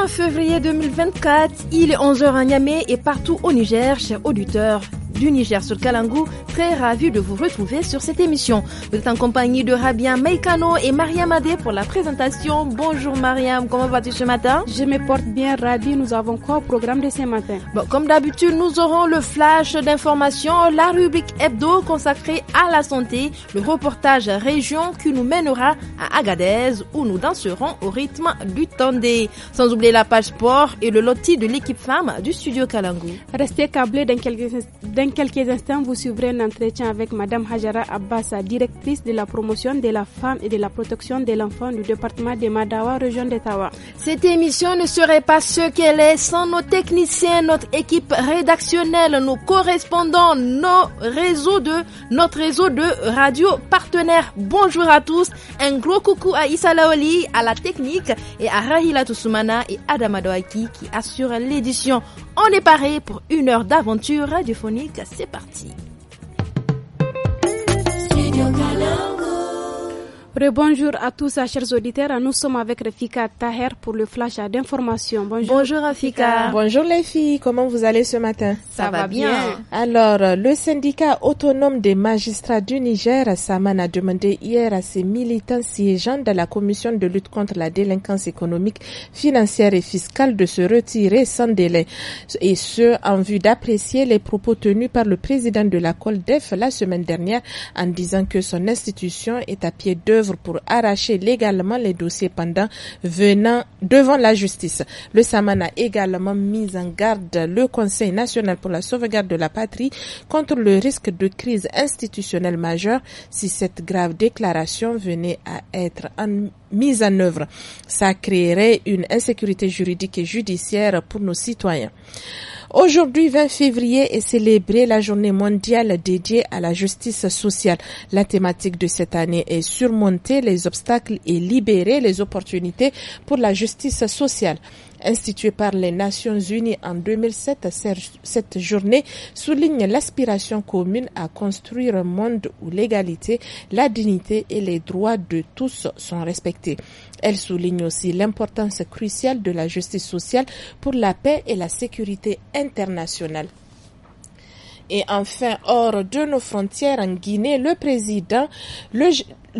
20 février 2024, il est 11h à Niamey et partout au Niger, chers auditeurs du Niger sur Kalangou. Très ravi de vous retrouver sur cette émission. Vous êtes en compagnie de Rabien Meikano et Mariam Adé pour la présentation. Bonjour Mariam, comment vas-tu ce matin Je me porte bien Rabi, nous avons quoi au programme de ce matin bon, Comme d'habitude, nous aurons le flash d'information, la rubrique hebdo consacrée à la santé, le reportage région qui nous mènera à Agadez où nous danserons au rythme du Tandé. Sans oublier la page sport et le loti de l'équipe femme du studio Kalangou. Restez câblés dans quelques, quelques instants, vous suivrez un entretien avec Madame Hajara Abbasa, directrice de la promotion de la femme et de la protection de l'enfant du département de Madawa, région d'Etawa. Cette émission ne serait pas ce qu'elle est sans nos techniciens, notre équipe rédactionnelle, nos correspondants, nos réseaux de, notre réseau de radio partenaires. Bonjour à tous. Un gros coucou à Issa Laoli, à la technique et à Rahila Toussoumana et Adam qui assurent l'édition. On est paré pour une heure d'aventure radiophonique c'est parti bonjour à tous, chers auditeurs. Nous sommes avec Rafika Taher pour le flash d'information. Bonjour. Bonjour Rafika. Bonjour les filles. Comment vous allez ce matin Ça, va, bien. Alors, le syndicat autonome des magistrats du Niger, Saman, a demandé hier à ses militants siégeants de la commission de lutte contre la délinquance économique, financière et fiscale de se retirer sans délai. Et ce, en vue d'apprécier les propos tenus par le président de la COLDEF la semaine dernière en disant que son institution est à pied de pour arracher légalement les dossiers pendant venant devant la justice. Le Saman a également mis en garde le Conseil national pour la sauvegarde de la patrie contre le risque de crise institutionnelle majeure si cette grave déclaration venait à être mise en œuvre. Ça créerait une insécurité juridique et judiciaire pour nos citoyens. Aujourd'hui, 20 février, est célébrée la journée mondiale dédiée à la justice sociale. La thématique de cette année est surmonter les obstacles et libérer les opportunités pour la justice sociale. Instituée par les Nations Unies en 2007, cette journée souligne l'aspiration commune à construire un monde où l'égalité, la dignité et les droits de tous sont respectés. Elle souligne aussi l'importance cruciale de la justice sociale pour la paix et la sécurité internationale. Et enfin, hors de nos frontières en Guinée, le président, le,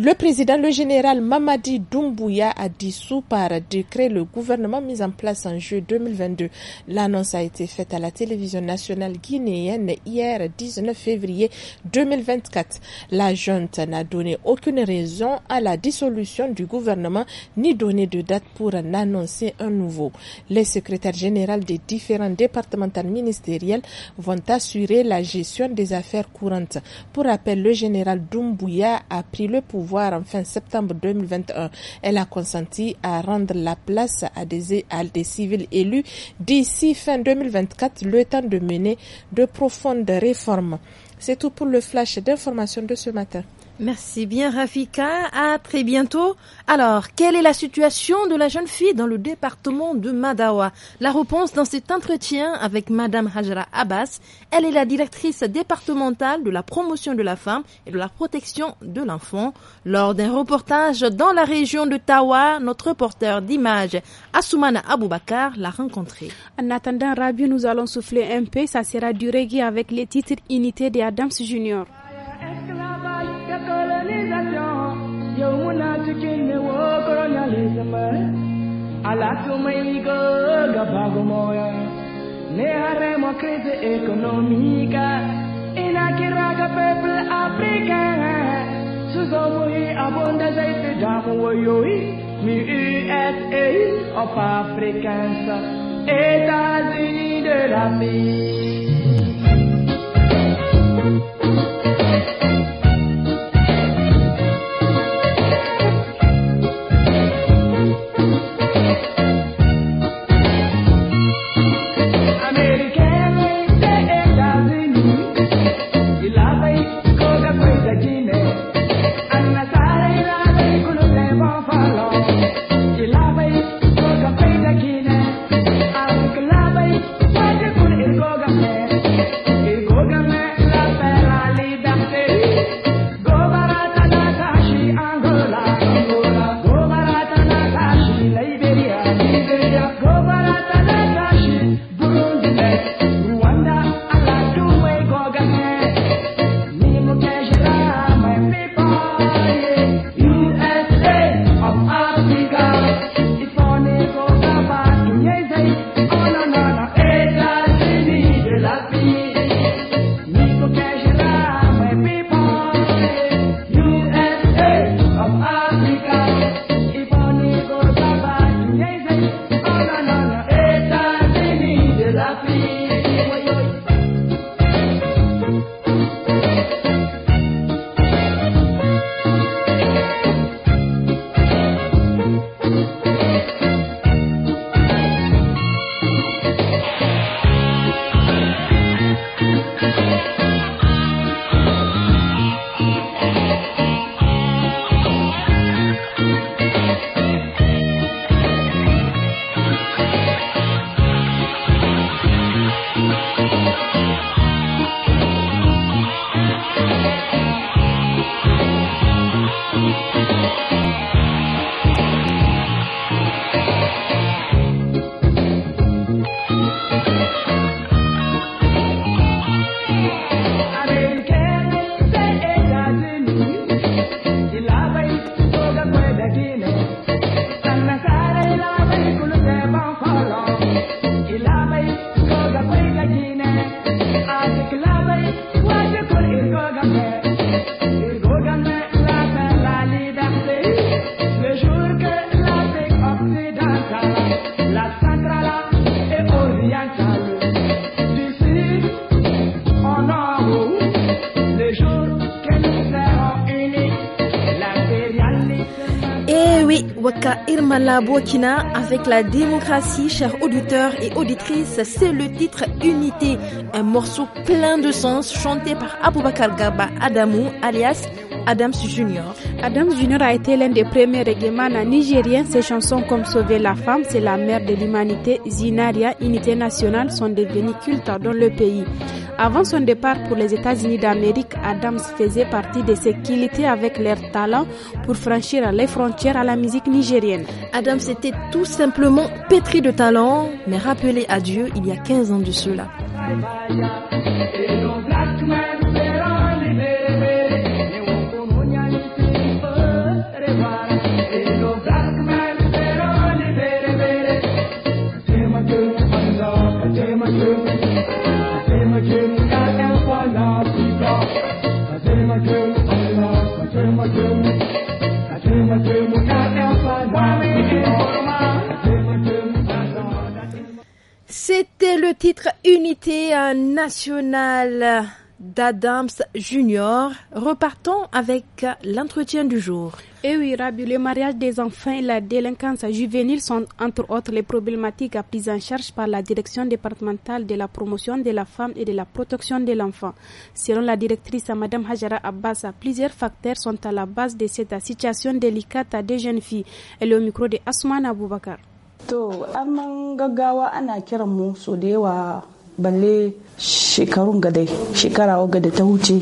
le président, le général Mamadi Doumbouya a dissous par décret le gouvernement mis en place en juillet 2022. L'annonce a été faite à la télévision nationale guinéenne hier 19 février 2024. La junte n'a donné aucune raison à la dissolution du gouvernement ni donné de date pour en annoncer un nouveau. Les secrétaires généraux des différents départements ministériels vont assurer la gestion des affaires courantes. Pour rappel, le général Doumbouya a pris le pouvoir voire en fin septembre 2021. Elle a consenti à rendre la place à des, des civils élus d'ici fin 2024, le temps de mener de profondes réformes. C'est tout pour le flash d'information de ce matin. Merci bien Rafika, à très bientôt. Alors, quelle est la situation de la jeune fille dans le département de Madawa La réponse dans cet entretien avec Madame Hajra Abbas, elle est la directrice départementale de la promotion de la femme et de la protection de l'enfant. Lors d'un reportage dans la région de Tawa, notre porteur d'image Assoumana Aboubakar l'a rencontrée. En attendant Rabi, nous allons souffler un peu, ça sera du reggae avec les titres Unité des Adams Junior. የውሙና ትኪን ወ ኮሎኒያሊዝም አላቱመይጎ ገባጉሞያ Neharemo crisi economica Inakiraga people African Suzomuhi abundance if damu woyoi Mi USA of Africans États-Unis de l'Amérique la Burkina, avec la démocratie, chers auditeurs et auditrices, c'est le titre Unité, un morceau plein de sens chanté par Aboubacar Gaba Adamou, alias Adams Junior. Adams Junior a été l'un des premiers réglemans nigériens. Ses chansons comme Sauver la femme, c'est la mère de l'humanité, Zinaria, Unité nationale sont devenues cultes dans le pays. Avant son départ pour les États-Unis d'Amérique, Adams faisait partie de ceux qui luttaient avec leur talent pour franchir les frontières à la musique nigérienne. Adams était tout simplement pétri de talent, mais rappelé à Dieu il y a 15 ans de cela. le titre Unité nationale d'Adams Junior. Repartons avec l'entretien du jour. Eh oui, Rabi, le mariage des enfants et la délinquance juvénile sont entre autres les problématiques à prise en charge par la direction départementale de la promotion de la femme et de la protection de l'enfant. Selon la directrice Madame Hajara Abbas, plusieurs facteurs sont à la base de cette situation délicate à des jeunes filles. Et le micro de Asman Aboubakar. To, arman gaggawa ana kiran mu so da yawa balle shekarun gadai shekara ga da ta wuce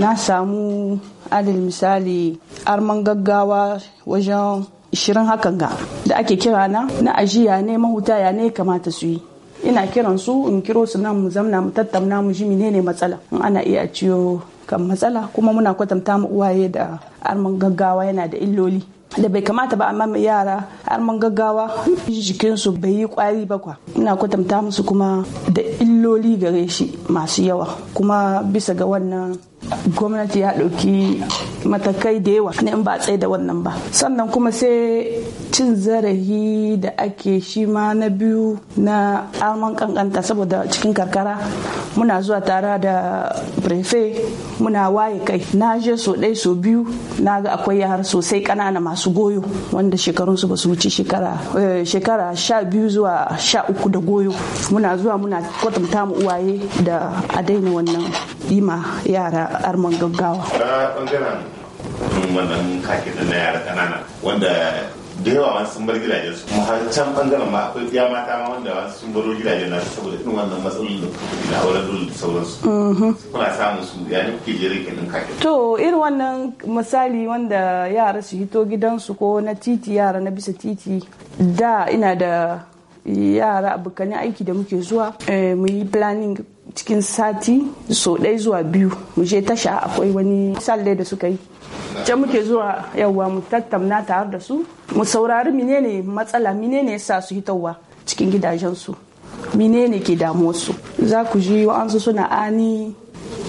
na samu adal misali arman gaggawa wajen shirin hakan ga da ake kira na na ajiya ne mahuta ya ne kamata su yi ina kiran su in kiro su nan mu zamna mu tattauna mu ji menene matsala in ana iya ciyo kan matsala kuma muna kwatanta mu uwaye da arman gaggawa yana da illoli da bai kamata ba amma yara arman gaggawa jikinsu bai yi kwari ba kwa ina kwatanta musu kuma da illoli gare shi masu yawa kuma bisa ga wannan gwamnati ya ɗauki matakai da yawa ne in ba tsaye da wannan ba sannan kuma sai cin zarafi da ake shi ma na biyu na aman kankanta saboda cikin karkara muna zuwa tare da prefe muna waye kai na je so ɗai so biyu na ga akwai yara sosai ƙanana masu goyo wanda su ba su wuce eh, shekara sha biyu zuwa sha uku da goyo muna zuwa muna kwatanta mu uwaye da a daina wannan yi ma yara arman gaggawa. irin wannan da na yara kanana wanda da yawa wani sun bar gidajen su kuma har can bangaren ma akwai biya mata ma wanda wasu sun baro gidajen nasu saboda irin wannan matsalolin da kuka gida auren dole da sauransu mm-hmm. kuna samun su ya ne kuke jere kenan kake to irin wannan misali wanda yara su hito gidansu ko na titi yara na bisa titi da ina da yara abokanin aiki da muke zuwa eh, mu yi planning cikin sati so ɗaya zuwa biyu mu je tasha akwai wani sallai da suka yi can muke zuwa yawwa mu tattauna tare da su mu saurari menene matsala menene yasa su hitowa cikin gidajensu menene ke damuwarsu za ku ji wa'ansu suna ani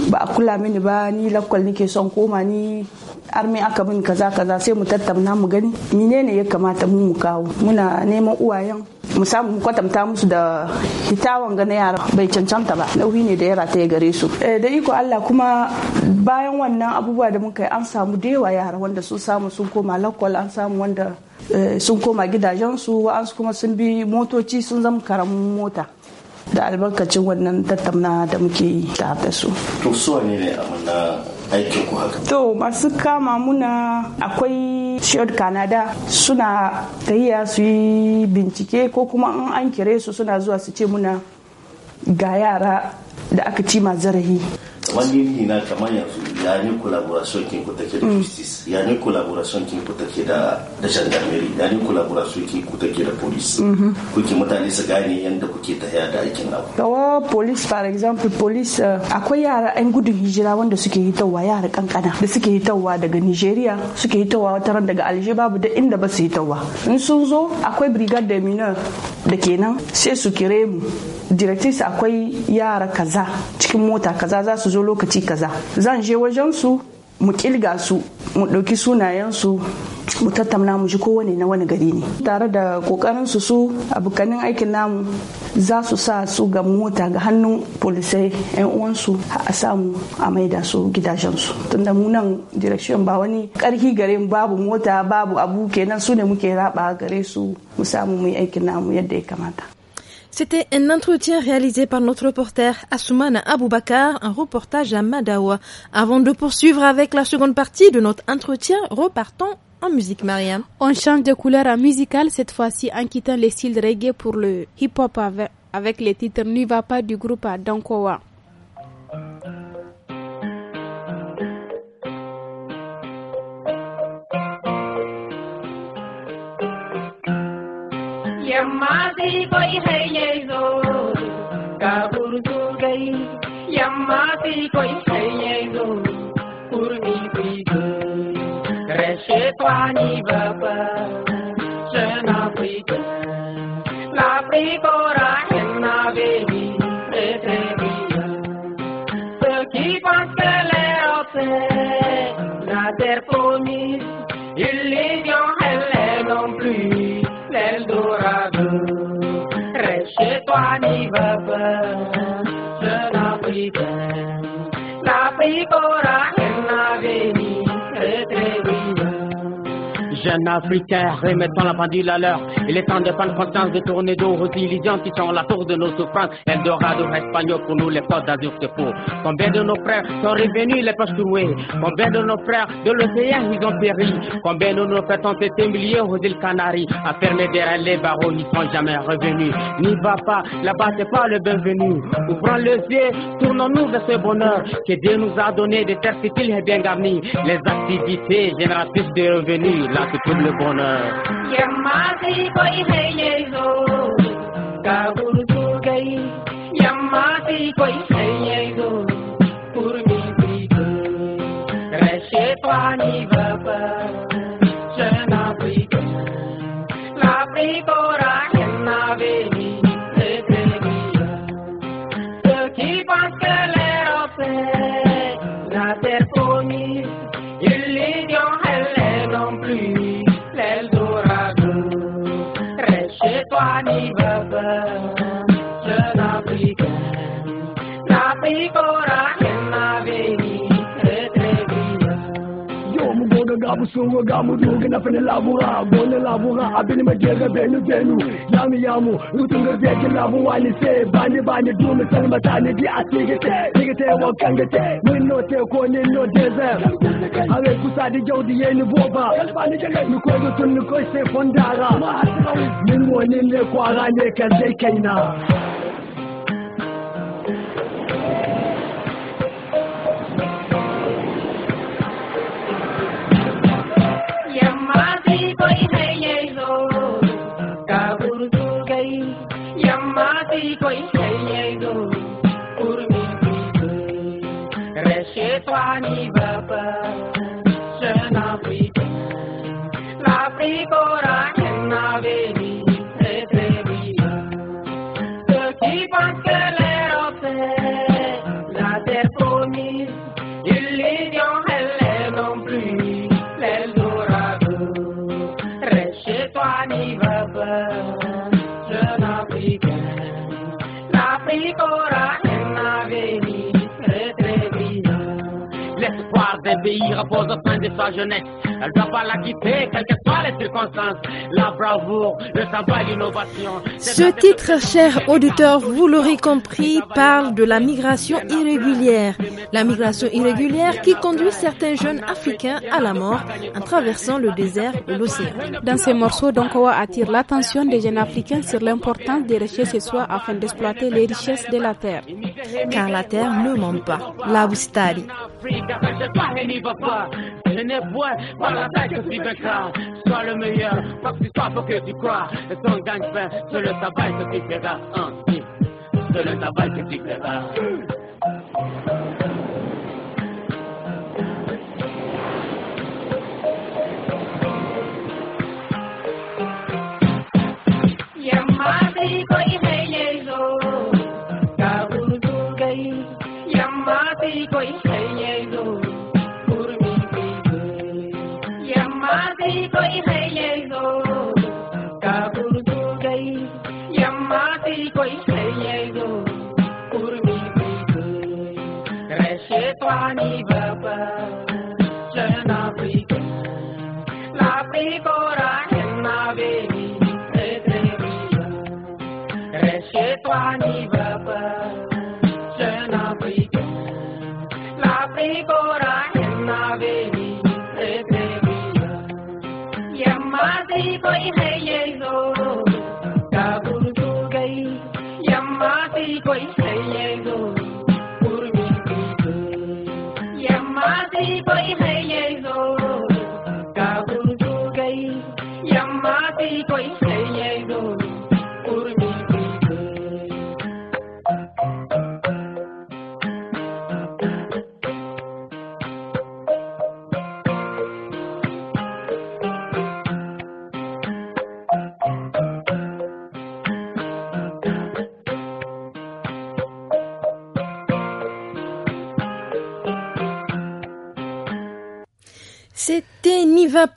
ba a kula mini ba ni lakwal nake son koma ni armi aka min kaza kaza sai mu tattauna mu gani menene ya kamata mu mu kawo muna neman uwayen mu kwatanta musu da hitawan gane na yara bai cancanta ba nauyi ne da ya rataye gare su eh, da iko Allah kuma bayan wannan abubuwa da muka yi an samu da yawa yara wanda sun samu sun koma lakwal an samu wanda eh, sun koma gidajensu wa'ansu kuma sun bi motoci sun zama karamin mota da albarkacin wannan tattauna da muke yi da su. To su ne ne a aikin ku haka? To masu kama muna akwai shiod canada suna tahiya su yi bincike ko kuma in an kire su suna zuwa su ce muna ga yara da aka ci ma kamar yin na kamar yanzu ya ne collaboration kin mm. mm-hmm. ku take da justice ya ne collaboration kin ku take da da gendarmerie ya ne collaboration kin ku take da police kuke mutane su gane yanda kuke tafiya da aikin abu kawa police for example police uh, akwai yara yan gudun hijira wanda suke hitowa yara kankana da suke hitowa daga Nigeria suke hitowa wata ran daga Alger babu da inda ba su hitowa in sun zo akwai brigade de mineur da kenan sai su kire mu directrice akwai yara kaza cikin mota kaza za su zo lokaci kaza zan je wajen su mu kilga su mu ɗauki su mu tattauna mu ji kowane na wani gari ne tare da kokarin su su abokanin aikin namu za su sa su ga mota ga hannun polisai yan uwansu a samu a maida su gidajen su tunda mu nan direction ba wani karhi gare babu mota babu abu kenan su ne muke raba gare su mu samu mu yi aikin namu yadda ya kamata C'était un entretien réalisé par notre reporter Assoumana Aboubakar, un reportage à Madawa. Avant de poursuivre avec la seconde partie de notre entretien, repartons en musique, Mariam. On change de couleur à musical cette fois-ci en quittant les styles reggae pour le hip-hop avec, les titres N'y va pas du groupe Dankowa. yamma sai kwai hai ya zo ga burzu dai yamma sai kwai hai ya zo kurmi kuigo rashe kwani baba sana kuigo la pri ko ra henna bebi bebi un Africain remettant la pendule à l'heure. Il est temps de prendre conscience, de tourner d'eau, illusions qui sont la tour de nos souffrances. Eldorado espagnol pour nous, les portes d'azur se Combien de nos frères sont revenus les poches trouées Combien de nos frères de l'océan ils ont péri Combien de nos frères ont été humiliés aux îles Canaries fermer derrière les barreaux, ils sont jamais revenus. N'y va pas, là-bas c'est pas le bienvenu. Ouvrons les yeux, tournons-nous vers ce bonheur que Dieu nous a donné des terres fertiles et bien garnies. Les activités génératrices de revenus, le kona yamma sai koi hai ye zo ka kun tu gai yamma sai koi hai ye zo kurmi pri ko rashe pani baba ga busungu ga mudugu na fini labura gole labura abin ma benu benu yami yamu rutun ga zeki labu wani se bani bani dumi salma tani di a tigite tigite te. kangate min no te ko ni no deze ale kusa di jawdi yeni boba ni ko do tun ko se fondara min woni ne ko ara ne kan kaina pays repose au sein de sa jeunesse. Elle doit pas la quitter, quelles soient les circonstances. La bravoure, le savoir, l'innovation. Ce titre, cher auditeur, vous l'aurez compris, parle de la migration irrégulière. La migration irrégulière qui conduit certains jeunes africains à la mort en traversant le désert ou l'océan. Dans ces morceaux, Donkowa attire l'attention des jeunes africains sur l'importance des richesses chez soi afin d'exploiter les richesses de la terre. Car la terre ne monte pas. La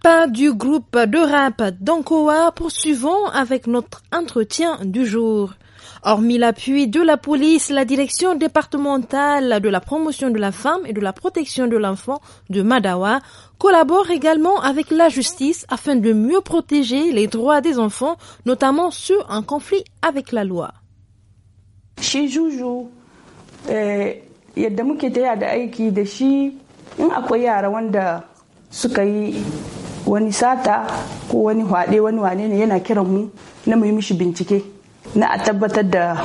Pas du groupe de rap Dankoa, poursuivons avec notre entretien du jour. Hormis l'appui de la police, la direction départementale de la promotion de la femme et de la protection de l'enfant de Madawa collabore également avec la justice afin de mieux protéger les droits des enfants, notamment ceux en conflit avec la loi. Chez Joujou, eh, yadda muke taya da qui da shi in akwai yara wanda wani sata ko wani hwaɗe wani wane ne yana kiran mu na mu yi mishi bincike na a tabbatar da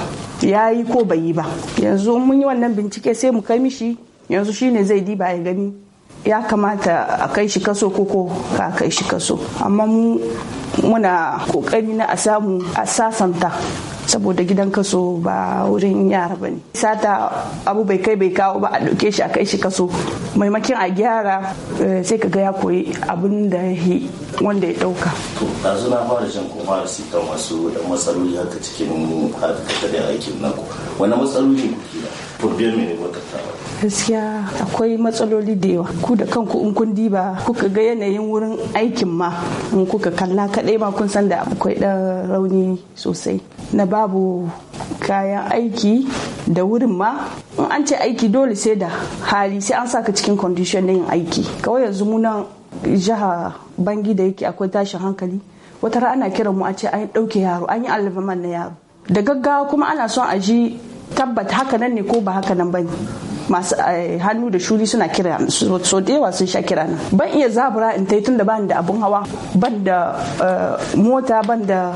ya yi ko bai yi ba yanzu mun yi wannan bincike sai mu kai mishi yanzu shine zai diba ya gani ya kamata a kai shi kaso ko ko ka kai shi kaso amma mu muna kokari na a samu a sasanta saboda gidan kaso ba wurin yara ba ne sata abu bai kai bai kawo ba a ɗauke shi a kai shi kaso maimakin a gyara eh, sai ka ga ya koyi abin da ya wanda ya ɗauka. ɗazu na fara shan kuma da sita masu da matsaloli haka cikin harkar da aikin naku wani matsaloli kuke da ne wata tawa gaskiya akwai matsaloli da yawa ku da kanku in kun diba kuka ga yanayin wurin aikin ma in kuka kalla kaɗai ma kun san da akwai ɗan rauni sosai na babu kayan aiki da wurin ma in an ce aiki dole sai da hali sai an saka cikin condition na yin aiki kawai yanzu na jiha bangi da yake akwai tashin hankali wata ana kiran mu a ce an ɗauke yaro an yi alfaman na yaro da gaggawa kuma ana son a ji tabbata haka nan ne ko ba haka nan bane masu eh, hannu da shuri suna kira so da yawa sun sha kira nan. ban iya zabura in tai da bani da abun hawa ban da eh, mota ban da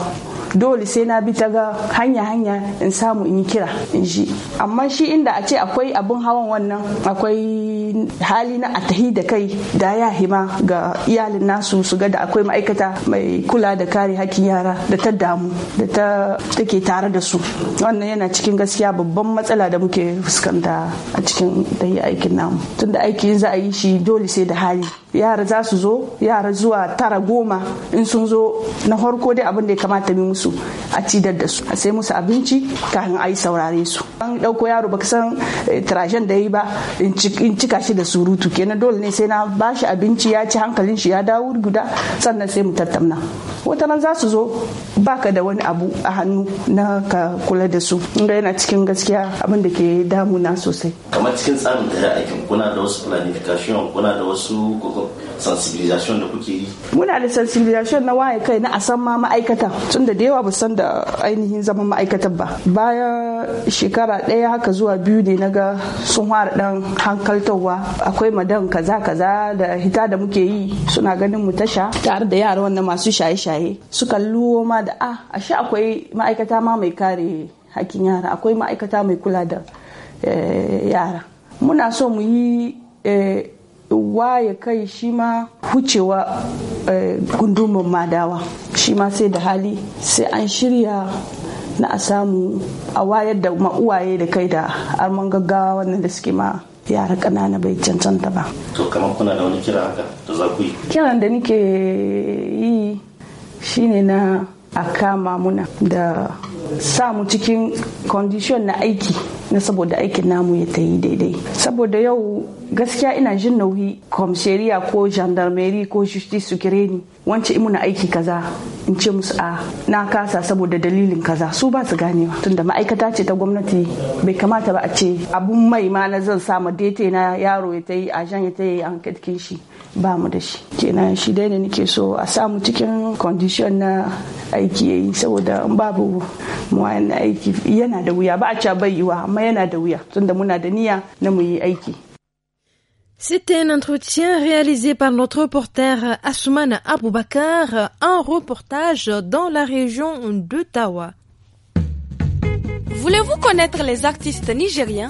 dole sai na bi ta ga hanya hanya in samu in yi kira in ji amma shi inda a ce akwai abin hawan wannan akwai hali na atahi da kai da ya hima ga iyalin nasu su ga da akwai ma'aikata mai kula da kare hakkin yara da ta damu da ta take tare da su wannan yana cikin gaskiya babban matsala da muke fuskanta a cikin yi aikin namu tunda aikin za a yi shi dole sai da hali yara za su zo yara zuwa tara goma in sun zo na harko dai abin da ya kamata mu musu a cidar da su a sai musu abinci kafin a yi saurare su an ɗauko yaro baka san eh, tirajen da yi ba in cika shi da surutu kenan dole ne sai na bashi abinci ya ci hankalin shi ya dawo guda sannan sai mu tattauna wata za su zo baka da wani abu a hannu na ka kula da su inda yana cikin gaskiya abin da ke damuna sosai kamar cikin tsarin da aikin kuna da wasu planification kuna da wasu sensibilisation da kuke yi muna da sensibilisation na waye kai na a san ma ma'aikata tun da yawa ba san da ainihin zaman ma'aikatan ba bayan shekara ɗaya haka zuwa biyu ne naga sun fara dan hankaltarwa akwai madan kaza kaza da hita da muke yi suna ganin mu tasha tare da yara wannan masu shaye-shaye su luwo ma da a ah, ashe akwai ma'aikata ma mai kare hakkin yara akwai ma'aikata mai kula da eh, yara muna so mu yi eh, waye kai shi ma hucewa eh, gundumar madawa shi ma sai da hali sai an shirya na a samu a wayar da uwaye da kai da arman gaggawa wannan da suke ma yara ƙanana bai cancanta ba. To kamar kuna da wani kira haka da za ku yi? Kiran da nike yi shine na a kama muna da sa mu cikin condition na aiki na saboda aikin namu ya ta yi daidai saboda yau gaskiya ina jin nauyi komsheriya ko gendarmerie ko justice su kire ni wance muna aiki kaza in ce musu a ah, na kasa saboda dalilin kaza su ba su ganewa tunda ma'aikata ce ta gwamnati bai kamata ba a ce abun mai ma na zan ma dete na yaro ya ta yi a jan ya ta yi an shi ba mu da shi kenan shi dai ne nake so a samu cikin condition na aiki yayi saboda babu mu aiki yana da wuya ba a ca bai yiwa amma yana da wuya tunda muna da niyya na mu yi aiki C'était un entretien réalisé par notre reporter Asuman Aboubakar, un reportage dans la région de Tawa. Voulez-vous connaître les artistes nigériens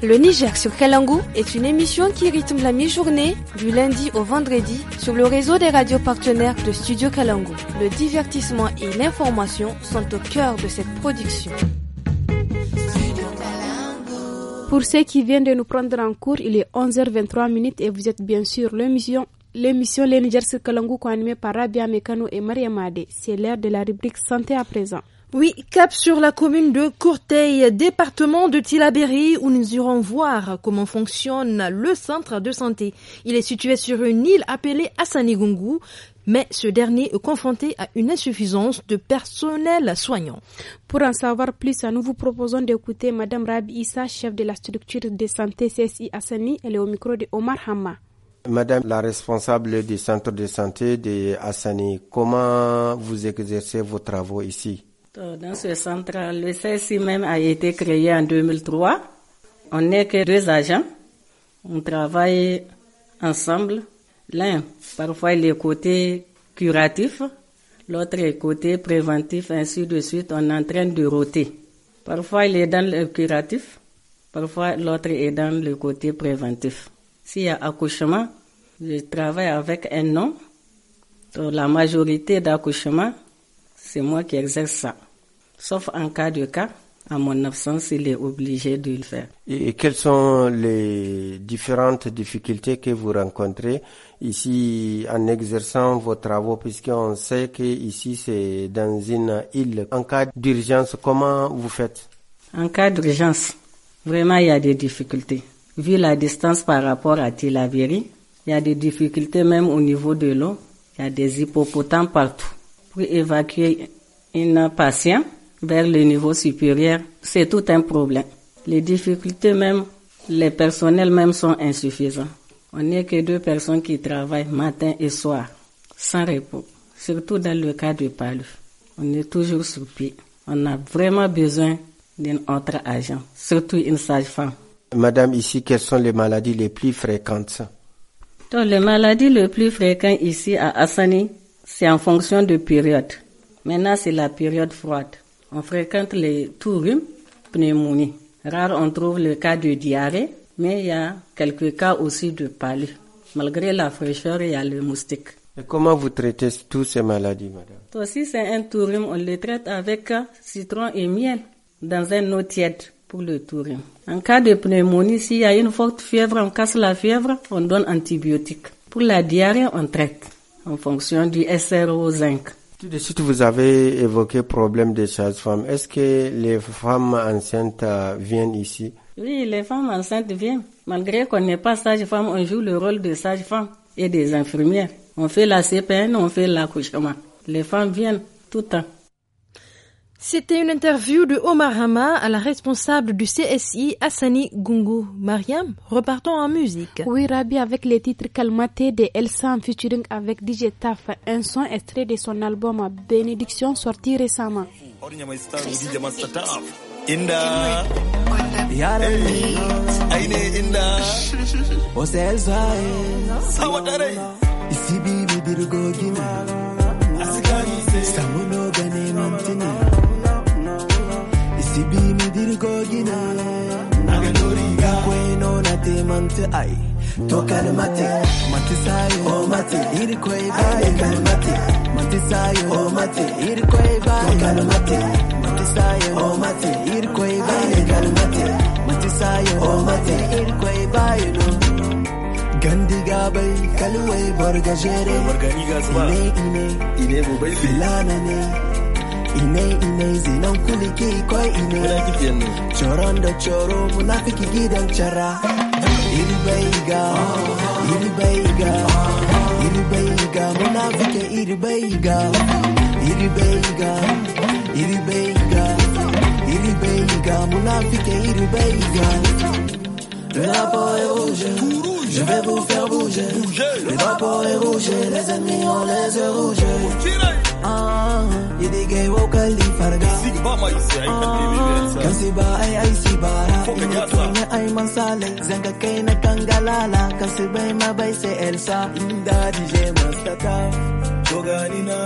Le Niger sur Kalangu est une émission qui rythme la mi-journée du lundi au vendredi sur le réseau des radios partenaires de Studio Kalangu. Le divertissement et l'information sont au cœur de cette production. Pour ceux qui viennent de nous prendre en cours, il est 11h23 et vous êtes bien sûr l'émission L'émission Le Niger sur Kalangu, animée par Rabia Mekano et Maria Made. C'est l'heure de la rubrique Santé à présent. Oui, cap sur la commune de Courteil, département de Tilabéry, où nous irons voir comment fonctionne le centre de santé. Il est situé sur une île appelée Assanigungu, mais ce dernier est confronté à une insuffisance de personnel soignant. Pour en savoir plus, nous vous proposons d'écouter Madame Rabi Issa, chef de la structure de santé CSI Assani. Elle est au micro de Omar Hamma. Madame la responsable du centre de santé de Assani, comment vous exercez vos travaux ici dans ce centre, le CSI même a été créé en 2003. On n'est que deux agents. On travaille ensemble. L'un, parfois, il est côté curatif. L'autre est côté préventif, ainsi de suite. On est en train de roter. Parfois, il est dans le curatif. Parfois, l'autre est dans le côté préventif. S'il y a accouchement, je travaille avec un nom. la majorité d'accouchements c'est moi qui exerce ça. Sauf en cas de cas, à mon absence, il est obligé de le faire. Et quelles sont les différentes difficultés que vous rencontrez ici en exerçant vos travaux, puisqu'on sait que ici c'est dans une île. En cas d'urgence, comment vous faites En cas d'urgence, vraiment il y a des difficultés. Vu la distance par rapport à Tilaviri, il y a des difficultés même au niveau de l'eau. Il y a des hippopotames partout pour évacuer un patient vers le niveau supérieur, c'est tout un problème. Les difficultés même, les personnels même sont insuffisants. On n'est que deux personnes qui travaillent matin et soir, sans repos, surtout dans le cas du palu. On est toujours sous pied. On a vraiment besoin d'un autre agent, surtout une sage-femme. Madame, ici, quelles sont les maladies les plus fréquentes Donc, Les maladies les plus fréquentes ici à Assani, c'est en fonction de période. Maintenant, c'est la période froide. On fréquente les tourumes pneumonie. Rare, on trouve le cas de diarrhée, mais il y a quelques cas aussi de palu. Malgré la fraîcheur, il y a le moustique. Et comment vous traitez toutes ces maladies, madame Toi aussi, c'est un tourume, On le traite avec citron et miel dans un eau tiède pour le tourume. En cas de pneumonie, s'il y a une forte fièvre, on casse la fièvre, on donne antibiotiques. Pour la diarrhée, on traite en fonction du SRO zinc. Tout de suite, vous avez évoqué problème des sages-femmes. Est-ce que les femmes enceintes euh, viennent ici Oui, les femmes enceintes viennent. Malgré qu'on n'est pas sage-femme, on joue le rôle de sage-femme et des infirmières. On fait la CPN, on fait l'accouchement. Les femmes viennent tout le temps. C'était une interview de Omar Hama à la responsable du CSI, Hassani Gungu. Mariam, repartons en musique. Oui, Rabi, avec les titres Calmaté de Elsa en featuring avec DJ Taf, un son extrait de son album Bénédiction sorti récemment. tibimi dirgogina nagaloriga kweno nate mante ai tokan mate mate sayo o mate irkoi bai kan mate mate sayo o mate irkoi bai kan mate mate sayo o mate irkoi bai kan mate mate sayo o mate irkoi bai no gandiga bai kalwai bargajere ine ine ine bubai filana ne ine ine zinan kuliki koi ine Çoron da choro. munafiki gidan çara Yeni beyga, yeni beyga Yeni beyga, munafike iri beyga Iri iri Iri iri La boy Je vais vous faire bouger. bouger le rapport est rouge, les ennemis ont les rouges. Ah, il dit que au Cali Farga. Kasi ba ay ay si bara. Ine ay mansale. Zenga kay na kangalala. Kasi ba ay mabay si Elsa. Inda je mastata. Jogani na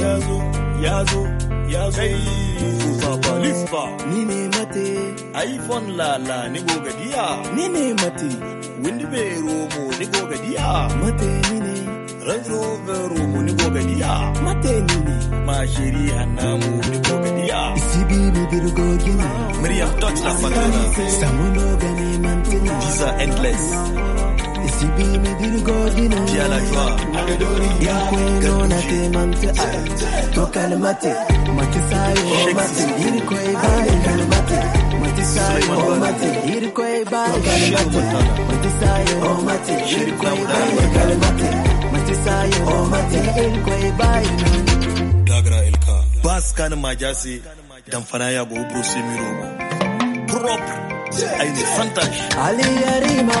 yazo. Yazo ya iPhone lala ni gogadiya. Ni ne mate. Windibe romo ni gogadiya. Mate Range Rover romo ni gogadiya. Mate ni ne. Mashiri hannamu ni gogadiya. Isibi mi Maria touch la fagana. Samuno gane mantina. These endless jibini dil godina ya la joie ya kweno na te mamte ay to kalmate mate sayo mate dil koy bay kalmate mate sayo mate dil koy bay kalmate mate sayo mate dil koy bay kalmate mate sayo mate dil koy bay dagra ilka bas kan majasi damfanaya fana ya go propre aine fantage ali yarima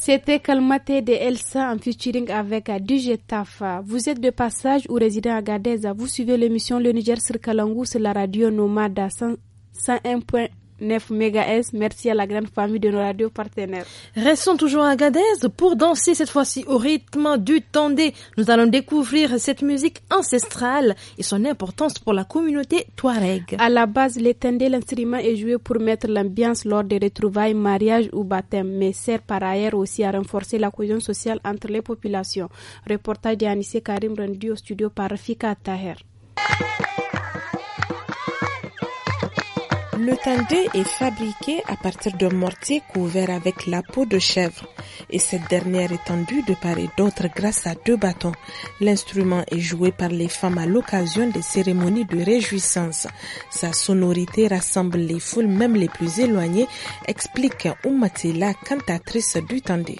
C'était Kalmate de Elsa en featuring avec DJ Tafa. Vous êtes de passage ou résident à Gadeza. Vous suivez l'émission Le Niger sur Kalangou sur la radio Nomada 101.1 9 S, Merci à la grande famille de nos radios partenaires. Restons toujours à Gadez pour danser cette fois-ci au rythme du Tandé. Nous allons découvrir cette musique ancestrale et son importance pour la communauté touareg. À la base, le Tandé, l'instrument est joué pour mettre l'ambiance lors des retrouvailles, mariages ou baptêmes, mais sert par ailleurs aussi à renforcer la cohésion sociale entre les populations. Reportage d'Anissé Karim rendu au studio par Fika Taher. Le tendé est fabriqué à partir d'un mortier couvert avec la peau de chèvre et cette dernière est tendue de part et d'autre grâce à deux bâtons. L'instrument est joué par les femmes à l'occasion des cérémonies de réjouissance. Sa sonorité rassemble les foules même les plus éloignées, explique la cantatrice du tandé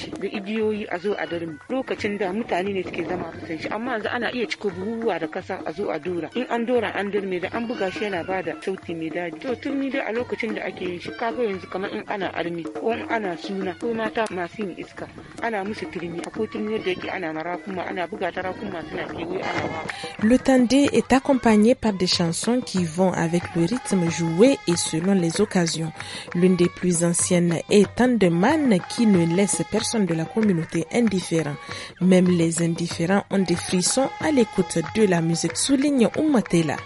abinci da igiyoyi a zo a darmi lokacin da mutane ne suke zama su shi amma yanzu ana iya ciko buhuhuwa da kasa a zo a dora in an dora an darme da an buga shi yana bada sauti mai daɗi to tun ni dai a lokacin da ake yin shi kaga yanzu kamar in ana armi ko in ana suna ko mata masu yin iska ana musu turmi akwai turmi yadda yake ana mara kuma ana buga ta rakuma suna kewaye ana wa. Le tande est accompagné par des chansons qui vont avec le rythme joué et selon les occasions. L'une des plus anciennes est Tandeman qui ne laisse personne de la communauté indifférent. Même les indifférents ont des frissons à l'écoute de la musique, souligne Oumatela.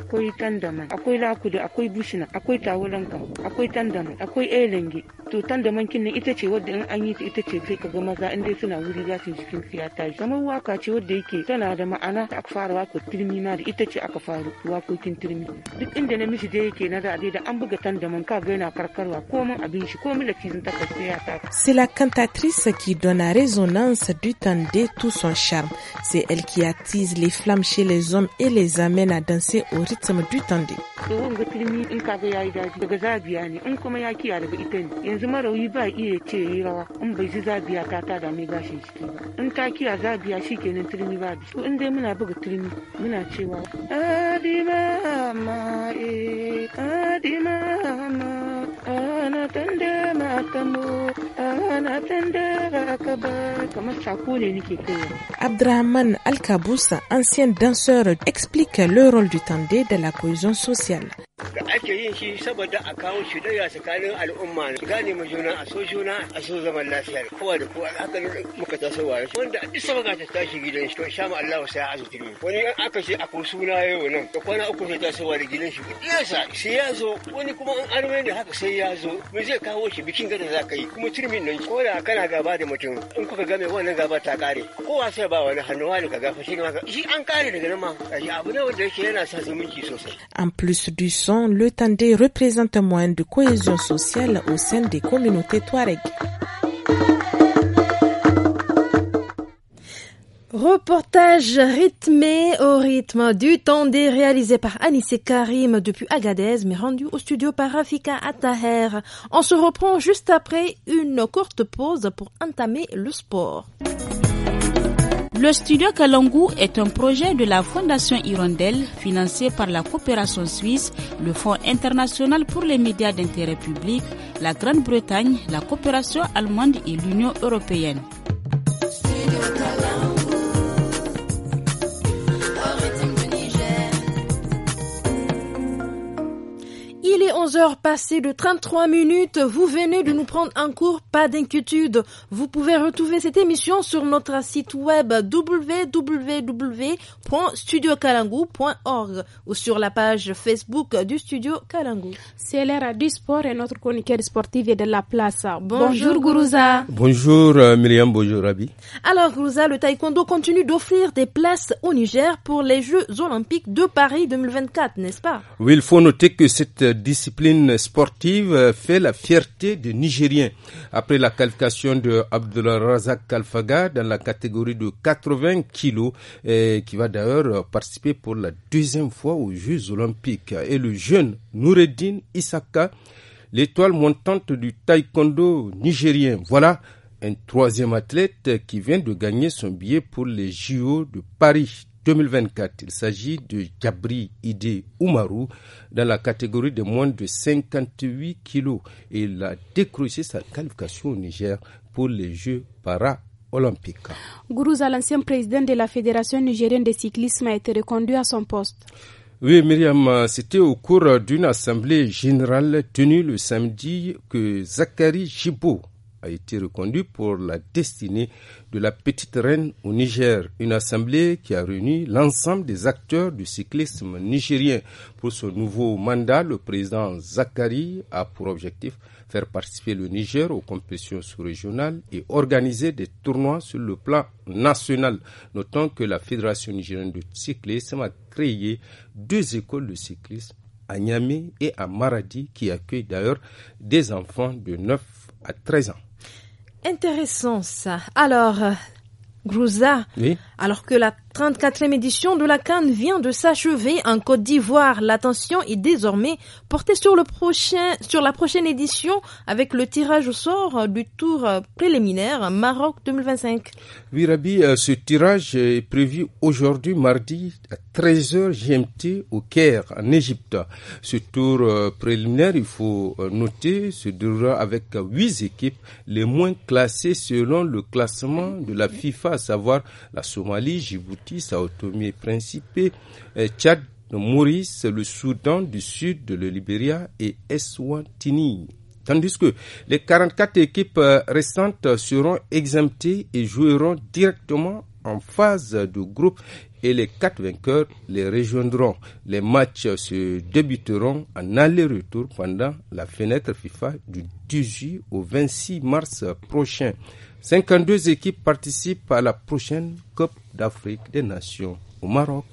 akwai tandaman akwai lakudu akwai bushina akwai tawulanka akwai tandaman akwai elenge to tandaman kin nan ita ce wadda in an yi ta ita ce sai ka ga maza in dai suna wuri za su jikin su ya tashi kamar waka ce wadda yake tana da ma'ana aka fara waka turmi ma da ita ce aka faru wakokin turmi duk inda na mishi dai yake na ra'adi da an buga tandaman ka ga yana karkarwa komin abin shi komin ta kai ya ta C'est la cantatrice qui donne la résonance du temps de tout son charme. C'est elle qui attise les flammes chez les hommes et les amène à danser au Maritza Madutande. Tsohon ga filmi in kaga ya yi daji daga zabiya ne in kuma ya kiya daga ita ne yanzu marauyi ba iya ce ya yi rawa in bai ji zabiya ta ta dame gashin shi ba in ta kiya zabiya shi kenan turmi ba bi in dai muna buga turmi muna cewa adima ma eh, adima ma ana tanda matamu ana tanda rakaba kamar sako ne nake kai Abdrahman Alkabusa ancien danseur explique le rôle du tandé de la cohésion sociale da ake yin shi saboda a kawo shi da tsakanin al'umma gane mu juna a so juna a so zaman lafiya kowa da kowa haka muka taso wa wanda a duk sabaka ta tashi gidan shi to sha ma Allah sai azuti wani aka ce akwai suna yau nan da kwana uku sai taso wa da gidan shi yasa sai ya zo wani kuma an arme da haka sai ya zo mu zai kawo shi bikin gada za ka yi kuma turmin nan ko da kana gaba da mutum in kuka game wannan gaba ta kare kowa sai ba wani hannu wani ka gafa shi ma shi an kare daga nan ma abu ne wanda yake yana sa zumunci sosai. En plus du son, le Tandé représente un moyen de cohésion sociale au sein des communautés Touareg. Reportage rythmé au rythme du Tendé réalisé par Anissé Karim depuis Agadez mais rendu au studio par Rafika Attaher. On se reprend juste après une courte pause pour entamer le sport. Le studio Kalangu est un projet de la Fondation Hirondelle financé par la coopération suisse, le Fonds international pour les médias d'intérêt public, la Grande-Bretagne, la coopération allemande et l'Union européenne. Il est 11h passées de 33 minutes. Vous venez de nous prendre un cours, pas d'inquiétude. Vous pouvez retrouver cette émission sur notre site web www.studiokalangu.org ou sur la page Facebook du Studio Kalangu. C'est l'ère du sport et notre chroniqueur sportive est de la place. Bonjour, bonjour Bonjour euh, Myriam, bonjour Rabi. Alors Gourouza, le taekwondo continue d'offrir des places au Niger pour les Jeux Olympiques de Paris 2024, n'est-ce pas Oui, il faut noter que cette euh, discipline sportive euh, fait la fierté des Nigériens. Après la qualification de Razak Kalfaga dans la catégorie de 80 kilos, qui va d'ailleurs participer pour la deuxième fois aux Jeux olympiques, et le jeune Noureddin Isaka, l'étoile montante du taekwondo nigérien. Voilà un troisième athlète qui vient de gagner son billet pour les JO de Paris 2024. Il s'agit de Jabri Ide Umaru dans la catégorie de moins de 58 kilos il a décroché sa qualification au Niger pour les Jeux para olympiques Gourouza, l'ancien président de la Fédération nigérienne de cyclisme, a été reconduit à son poste. Oui, Myriam, c'était au cours d'une assemblée générale tenue le samedi que Zachary Gibault, a été reconduit pour la destinée de la petite reine au Niger, une assemblée qui a réuni l'ensemble des acteurs du cyclisme nigérien. Pour ce nouveau mandat, le président Zakari a pour objectif faire participer le Niger aux compétitions sous-régionales et organiser des tournois sur le plan national. Notant que la Fédération nigérienne de cyclisme a créé deux écoles de cyclisme à Niamey et à Maradi qui accueillent d'ailleurs des enfants de 9 à 13 ans. Intéressant ça. Alors, euh, Grouza, alors que la 34e édition de la Cannes vient de s'achever en Côte d'Ivoire. L'attention est désormais portée sur le prochain, sur la prochaine édition avec le tirage au sort du tour préliminaire Maroc 2025. Oui, euh, ce tirage est prévu aujourd'hui, mardi, à 13h GMT au Caire, en Égypte. Ce tour euh, préliminaire, il faut euh, noter, se déroulera avec huit équipes, les moins classées selon le classement de la FIFA, à savoir la Somalie, Djibouti, Sao Tomé et Principe, euh, Tchad, Maurice, le Soudan du Sud, le Libéria et Eswatini. Tandis que les 44 équipes euh, restantes seront exemptées et joueront directement en phase de groupe et les quatre vainqueurs les rejoindront. Les matchs se débuteront en aller-retour pendant la fenêtre FIFA du 18 au 26 mars prochain. 52 équipes participent à la prochaine Coupe d'Afrique des Nations au Maroc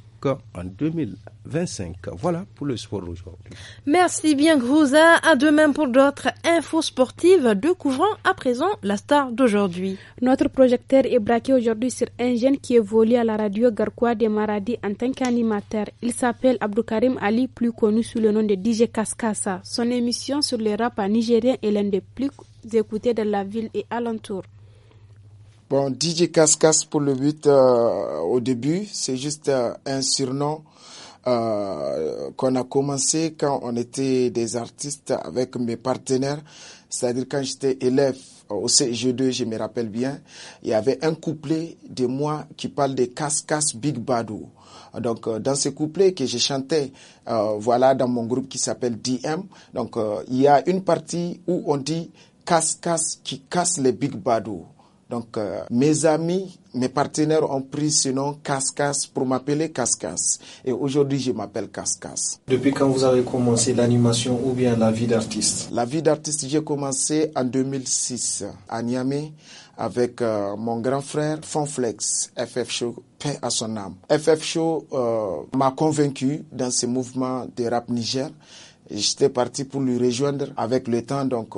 en 2025. Voilà pour le sport aujourd'hui. Merci bien Grouza. À demain pour d'autres infos sportives. Découvrons à présent la star d'aujourd'hui. Notre projecteur est braqué aujourd'hui sur un jeune qui évolue à la radio Garoua de Maradi en tant qu'animateur. Il s'appelle Abdoukarim Ali, plus connu sous le nom de DJ Kaskasa. Son émission sur les rap Nigérien est l'un des plus écoutés de la ville et alentour. Bon, DJ Cascas pour le but euh, au début, c'est juste euh, un surnom euh, qu'on a commencé quand on était des artistes avec mes partenaires. C'est-à-dire quand j'étais élève au CG2, je me rappelle bien, il y avait un couplet de moi qui parle de Cascas Big Badou. Donc euh, dans ce couplet que je chantais, voilà, dans mon groupe qui s'appelle DM, donc il y a une partie où on dit Cascas qui casse les Big Badou. Donc, euh, mes amis, mes partenaires ont pris ce nom Cascas pour m'appeler Cascas. Et aujourd'hui, je m'appelle Cascas. Depuis quand vous avez commencé l'animation ou bien la vie d'artiste La vie d'artiste, j'ai commencé en 2006 à Niamey avec euh, mon grand frère Fonflex, FF Show, paix à son âme. FF Show euh, m'a convaincu dans ce mouvement de rap Niger. J'étais parti pour lui rejoindre avec le temps, donc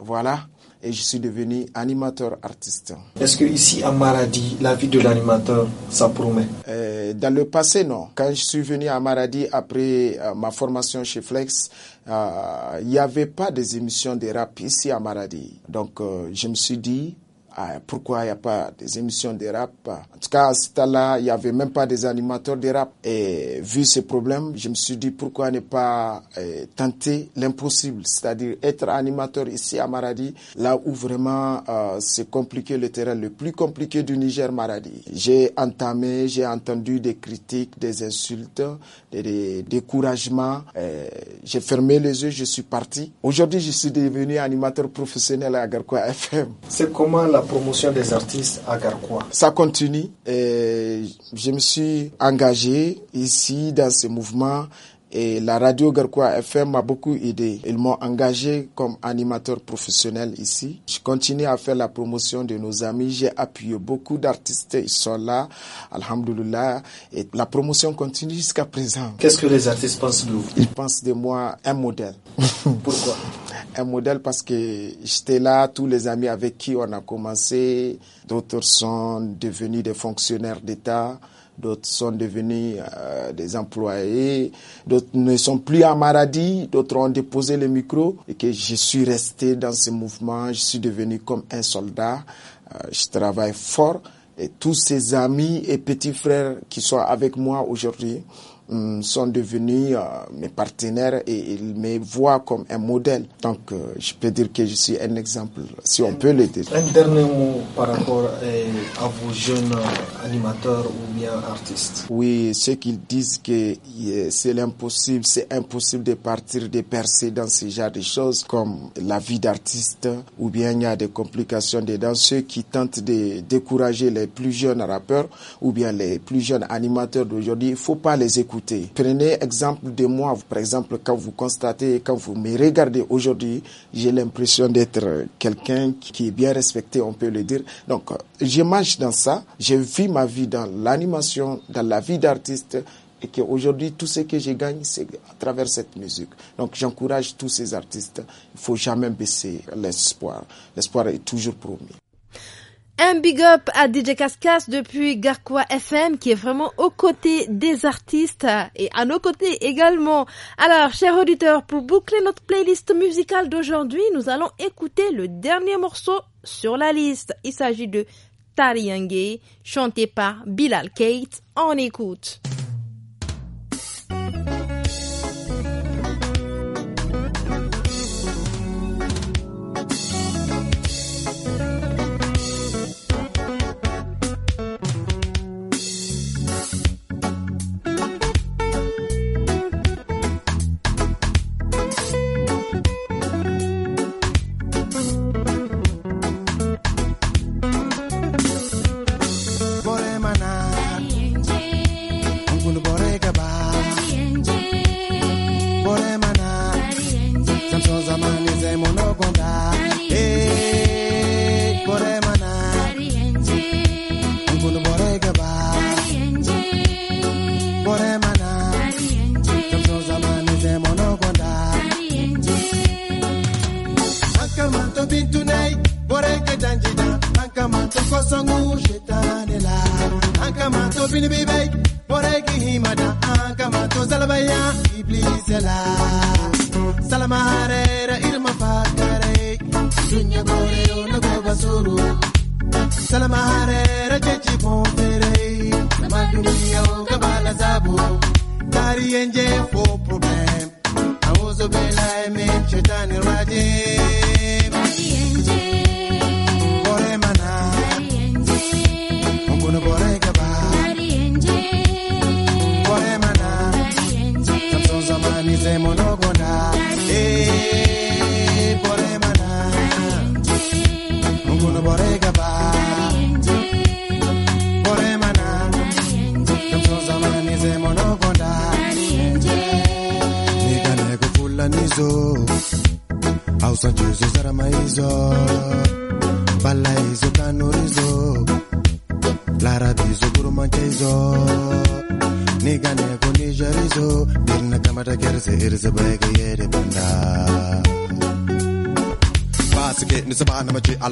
voilà et je suis devenu animateur artiste. Est-ce que ici à Maradi, la vie de l'animateur, ça promet euh, Dans le passé, non. Quand je suis venu à Maradi après euh, ma formation chez Flex, euh, il n'y avait pas des émissions de rap ici à Maradi. Donc je me suis dit, ah, pourquoi il n'y a pas des émissions de rap. En tout cas, à ce temps-là, il n'y avait même pas des animateurs de rap. Et vu ces problèmes, je me suis dit pourquoi ne pas euh, tenter l'impossible, c'est-à-dire être animateur ici à Maradi, là où vraiment euh, c'est compliqué le terrain le plus compliqué du Niger Maradi. J'ai entamé, j'ai entendu des critiques, des insultes, des, découragements. Euh, j'ai fermé les yeux, je suis parti. Aujourd'hui, je suis devenu animateur professionnel à Garkoa FM. C'est comment la promotion des artistes à Garquois. Ça continue. Et je me suis engagé ici dans ce mouvement et la radio Garquois FM m'a beaucoup aidé. Ils m'ont engagé comme animateur professionnel ici. Je continue à faire la promotion de nos amis. J'ai appuyé beaucoup d'artistes. Ils sont là. Alhamdulillah. Et la promotion continue jusqu'à présent. Qu'est-ce que les artistes pensent de vous Ils pensent de moi un modèle. Pourquoi un modèle parce que j'étais là, tous les amis avec qui on a commencé, d'autres sont devenus des fonctionnaires d'État, d'autres sont devenus euh, des employés, d'autres ne sont plus à maladie, d'autres ont déposé le micro et que je suis resté dans ce mouvement, je suis devenu comme un soldat, euh, je travaille fort et tous ces amis et petits frères qui sont avec moi aujourd'hui, euh, sont devenus euh, mes partenaires et ils me voient comme un modèle. Donc euh, je peux dire que je suis un exemple, si on peut le dire. Un dernier mot par rapport à vos jeunes animateurs ou bien artistes. Oui, ceux qui disent que c'est l'impossible, c'est impossible de partir, de percer dans ce genre de choses comme la vie d'artiste ou bien il y a des complications dedans. Ceux qui tentent de décourager les plus jeunes rappeurs ou bien les plus jeunes animateurs d'aujourd'hui, il ne faut pas les écouter Prenez exemple de moi, par exemple, quand vous constatez, quand vous me regardez aujourd'hui, j'ai l'impression d'être quelqu'un qui est bien respecté, on peut le dire. Donc, je marche dans ça, je vis ma vie dans l'animation, dans la vie d'artiste, et qu'aujourd'hui, tout ce que je gagne, c'est à travers cette musique. Donc, j'encourage tous ces artistes. Il faut jamais baisser l'espoir. L'espoir est toujours promis. Un big up à DJ Cascas depuis Garquois FM qui est vraiment aux côtés des artistes et à nos côtés également. Alors, chers auditeurs, pour boucler notre playlist musicale d'aujourd'hui, nous allons écouter le dernier morceau sur la liste. Il s'agit de Tariangé, chanté par Bilal Kate. On écoute.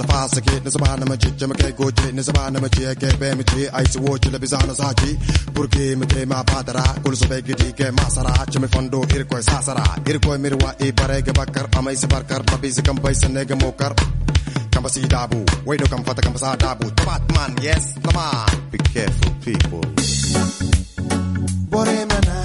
fasa ke na zama na mace ce makai goce na zama na mace ke be mu ai su woce la bizana saci burke mu ma fadara kul su be gidi ke masara ce mu fondo irko sasara irko mirwa e bare ga bakar amai su barkar babi su kan bai sanne ga mokar kan ba dabu wai do kan fata kan sa dabu tabat yes come on be careful people bore mana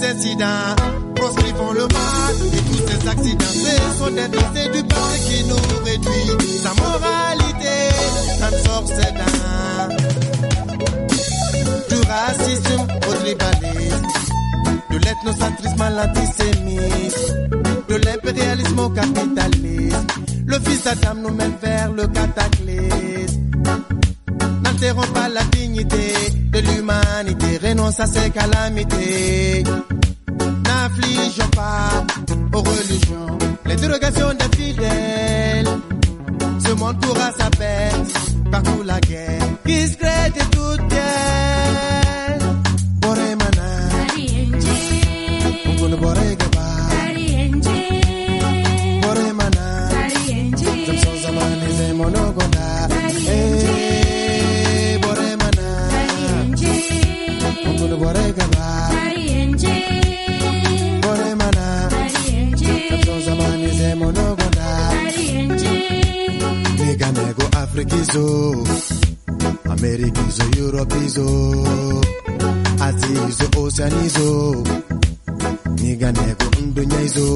ces incidents. Proscrivons le mal et tous ces accidents. C'est son être, c'est du pain qui nous réduit. Sa moralité, ça ne Du racisme au tribalisme, de l'ethnocentrisme à l'antisémisme, de l'impérialisme au capitalisme. Le fils d'Adam nous mène vers le cataclysme. N'interromps pas la dignité de l'humanité, renonce à ses calamités n'affligeons pas aux religions les dérogations des fidèles. se monde pourra sa paix, partout la guerre, discrète et tout? Afrikizo, Amerikizo, Europizo, Azizo, Oceanizo, Niganego, Ndunyazo,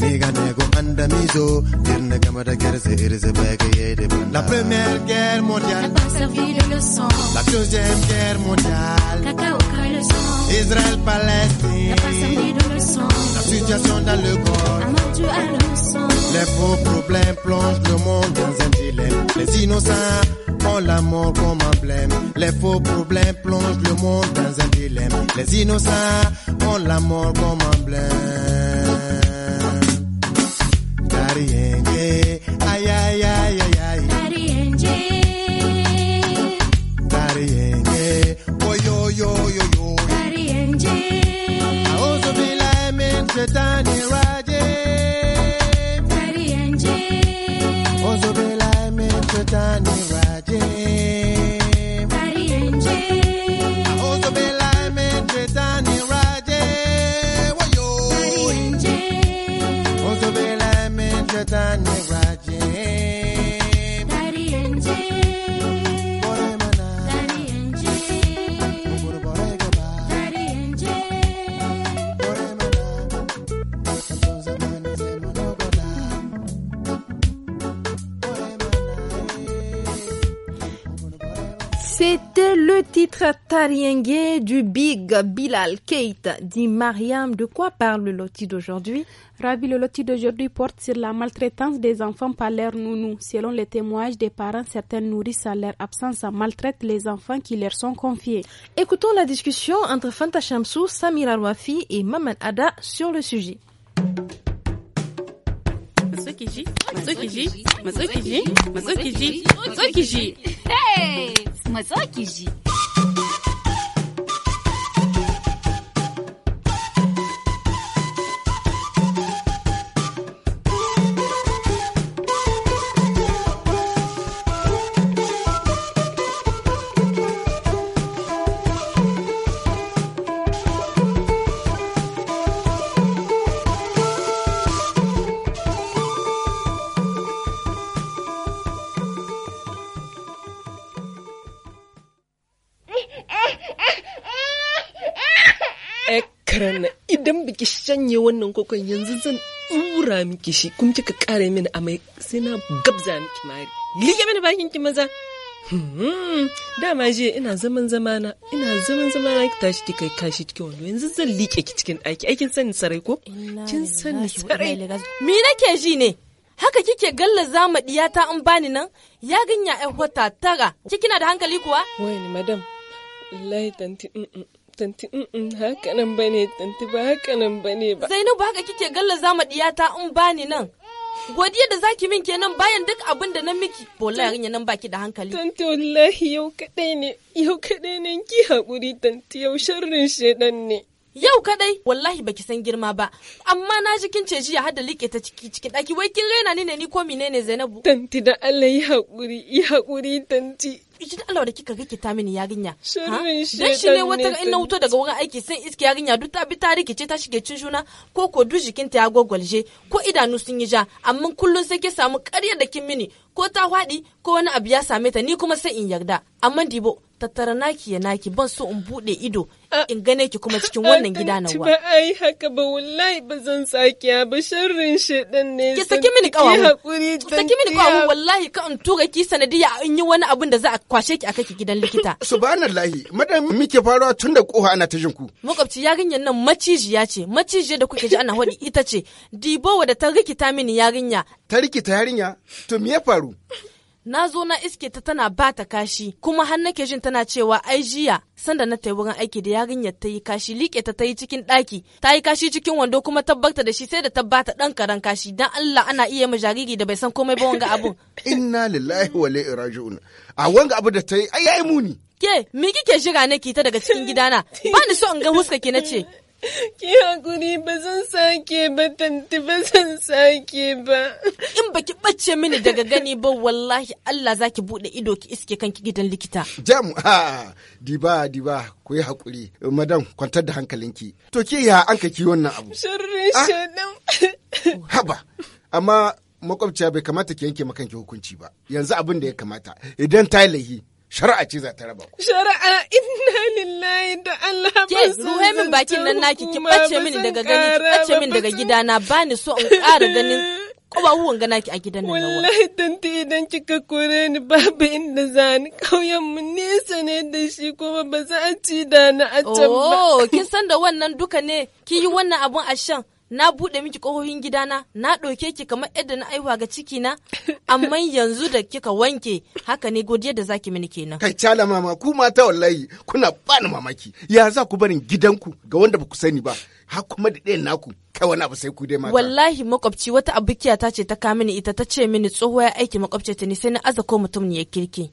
Niganego, Andamizo, Dirnagamada Kerse, Irisabeke, la première guerre mondiale, la deuxième guerre mondiale, Israël, Palestine, la situation dans le corps, les faux problèmes plongent le monde dans un Les innocents ont l'amour comme emblème. Les faux problèmes plongent le monde dans un dilemme. Les innocents ont l'amour comme emblème. Darien. Satan, right? Tarienge du Big Bilal Kate dit Mariam. De quoi parle le loti d'aujourd'hui Ravi, le loti d'aujourd'hui porte sur la maltraitance des enfants par leur nounou. Selon les témoignages des parents, certaines nourrices à leur absence maltraitent les enfants qui leur sont confiés. Écoutons la discussion entre Fanta Shamsou, Samira Wafi et Maman Ada sur le sujet. hey shanye wannan kokon yanzu zan tura miki shi kuma kika kare mini amai sai na gabza miki mari liya mini bakin ki maza hmm, dama je ina zaman zamana ina zaman zamana ki tashi ki kai kashi cikin wando yanzu zan liƙe ki cikin ɗaki aikin sani sarai ko kin sani sarai me nake ji ne haka kike galla zama diyata an bani nan ya ganya ai wata tara na da hankali kuwa wai madam wallahi tanti mm, mm. tanti haka nan bane tanti ba haka nan bane ba Zainabu haka kike galla zama diyata in bani nan godiya da zaki min kenan bayan duk abin da na miki bola yarinya nan baki da hankali tanti wallahi yau kadai ne yau kadai ne ki hakuri tanti yau sharrin shedan ne yau kadai wallahi baki san girma ba amma na ji kin ce jiya hada like ta ciki ciki daki wai kin raina ni ne ni ko menene Zainabu tanti da Allah yi hakuri yi hakuri tanti ijin Allah da kika kike ta mini yarinya Shirin shi ne wata in na wuto daga wurin aiki sai iske yarinya duk ta bi ta rikice ta shige cin juna ko ko duk ta ya gogwalje ko idanu sun yi ja amma kullun sai ke samu ƙarya da kin mini ko ta faɗi ko wani abu ya same ta ni kuma sai in yarda amma dibo tattara naki ya naki ban so in bude ido ah. in gane ki kuma cikin wannan gida na wa. Ba ai haka ba wallahi ba zan ya ba sharrin shedan ne. Ki saki mini kawamu. Ki saki mini kawamu wallahi ka in tura ki sanadiya in yi wani abin da za a kwashe ki akai gidan likita. Subhanallahi madan muke farawa tun da koha ana ta jinku. Makwabci yarinyar nan macijiya ce maciji da kuke ji ana hodi ita ce dibowa da ta rikita mini yarinya. Ta rikita yarinya to me ya faru? na zo na iske ta tana ba ta kashi kuma har nake jin tana cewa ai jiya sanda na tai wurin aiki da yarinyar ta yi kashi liƙe ta ta yi cikin ɗaki ta yi kashi cikin wando kuma tabbata da shi sai da tabbata ɗan karan kashi dan Allah ana iya ma jariri da bai san komai ba wanga abun. Inna lillahi wa la'i raji'un a wanga abu da ta yi ai yayi muni. Ke me kike jira ne ki ta daga cikin gidana ba ni so in ga huska ki na ce. Ki hakuri ba zan sake ba tanti ba zan sake ba. In baki bace mini daga gani ba wallahi Allah za ki buɗe ido ki iske kanki gidan likita. Jam ha diba diba ku yi hakuri madam kwantar da hankalinki. To ke ya an ka wannan abu. Shirri ah. shaɗan. Haba amma makwabciya bai kamata ki yanke makanki hukunci ba yanzu abin da ya kamata idan ta yi shari'a ce za ta raba ku. Shari'a inna lillahi da Allah ba su ruhe min bakin nan naki ki bace min daga gani ki bace min daga gidana ba ni so in ƙara ganin ƙwabahuwan gana ki a gidan nan nawa. Wallahi tanti idan kika kore ni babu inda za ni ƙauyen mu nesa ne da shi kuma ba za a ci da na a can ba. Oh kin san da wannan duka ne ki yi wannan abun a shan. na buɗe miki ƙohohin gidana na ɗauke ki kamar yadda na aihuwa ga ciki na amma yanzu da kika wanke haka ne godiya da zaki mini kenan kai cala mama ku mata wallahi kuna bani mamaki ya za ku barin gidanku ga wanda ba ku sani ba ha kuma da ɗayan naku kai wani abu sai ku dai mata wallahi makwabci wata abukiya ta ce ta ka mini ita ta ce mini tsohuwa ya aiki makwabci ta ne sai na aza ko mutum ne ya kirki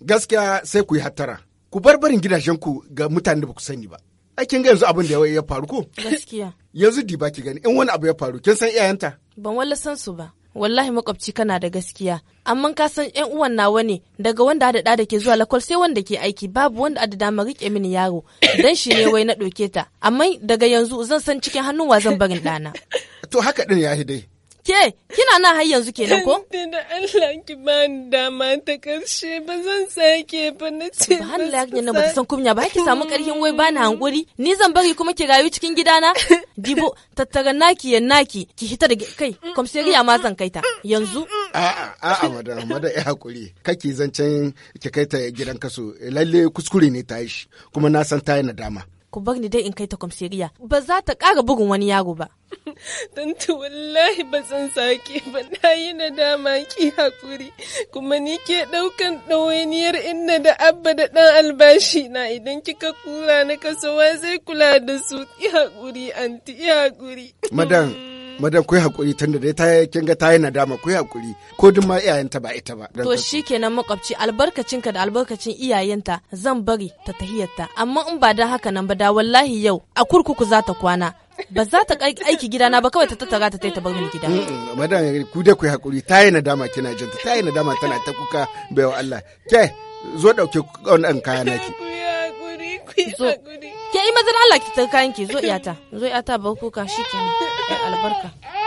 gaskiya sai ku yi hattara ku bar barin gidajenku ga mutanen da ba ku sani ba ai kin ga yanzu abin da ya faru ko gaskiya yanzu di ba ki gani in wani abu ya faru kin san iyayenta ban walla san su ba wallahi makwabci kana da gaskiya amma ka san yan uwan nawa ne daga wanda da da ke zuwa lakwal sai wanda ke aiki babu wanda da dama rike mini yaro dan shi ne wai na doke ta amma daga yanzu zan san cikin hannun wa zan barin dana to haka din ya dai Ke, kina nan har yanzu kenan ko? Da Allah ki ba ni dama ta karshe ba zan sake ba na ce. Ba Allah ya ba ta san kunya ba ki samu karhin wai ba ni hankuri. Ni zan bari kuma ki rayu cikin gidana. Dibo, tattara naki yan naki ki hita da kai. Mm, Komseriya mm, ma zan kai mm, Yanzu. A'a, a'a madam, ya eh, hakuri. Kake can ki kaita gidan kaso. Lalle kuskure ne ta yi shi. Kuma na san ta yi nadama. ku bar ni dai in kai ta kwamsiriya ba za ta ƙara bugun wani yaro ba. Tantu wallahi ba san sake ba na yi nadama ki haƙuri kuma ni ke ɗaukan ɗawainiyar inna da abba da ɗan albashi na idan kika kula na kasowa zai kula da su ki haƙuri anti ki haƙuri. Madam, madan kuyi hakuri tunda dai ta kin ga ta yi nadama kuyi hakuri ko duk ma iyayenta ba ita ba to shikenan makwabci albarkacinka da albarkacin iyayenta zan bari ta tahiyarta amma in ba dan haka nan ba da wallahi yau a kurkuku za ta kwana ba za ta aiki gidana ba kawai ta tattara ta ta bar mini gida. Madan ku da ku hakuri ta yi nadama kina jinta ta yi nadama tana ta kuka baiwa Allah. Ke zo dauke wannan kaya naki. Ku hakuri ku hakuri. Ke yi mazan Allah ki ta yanki zo iyata. Zo iyata ba kuka shi ke albarka. Yay!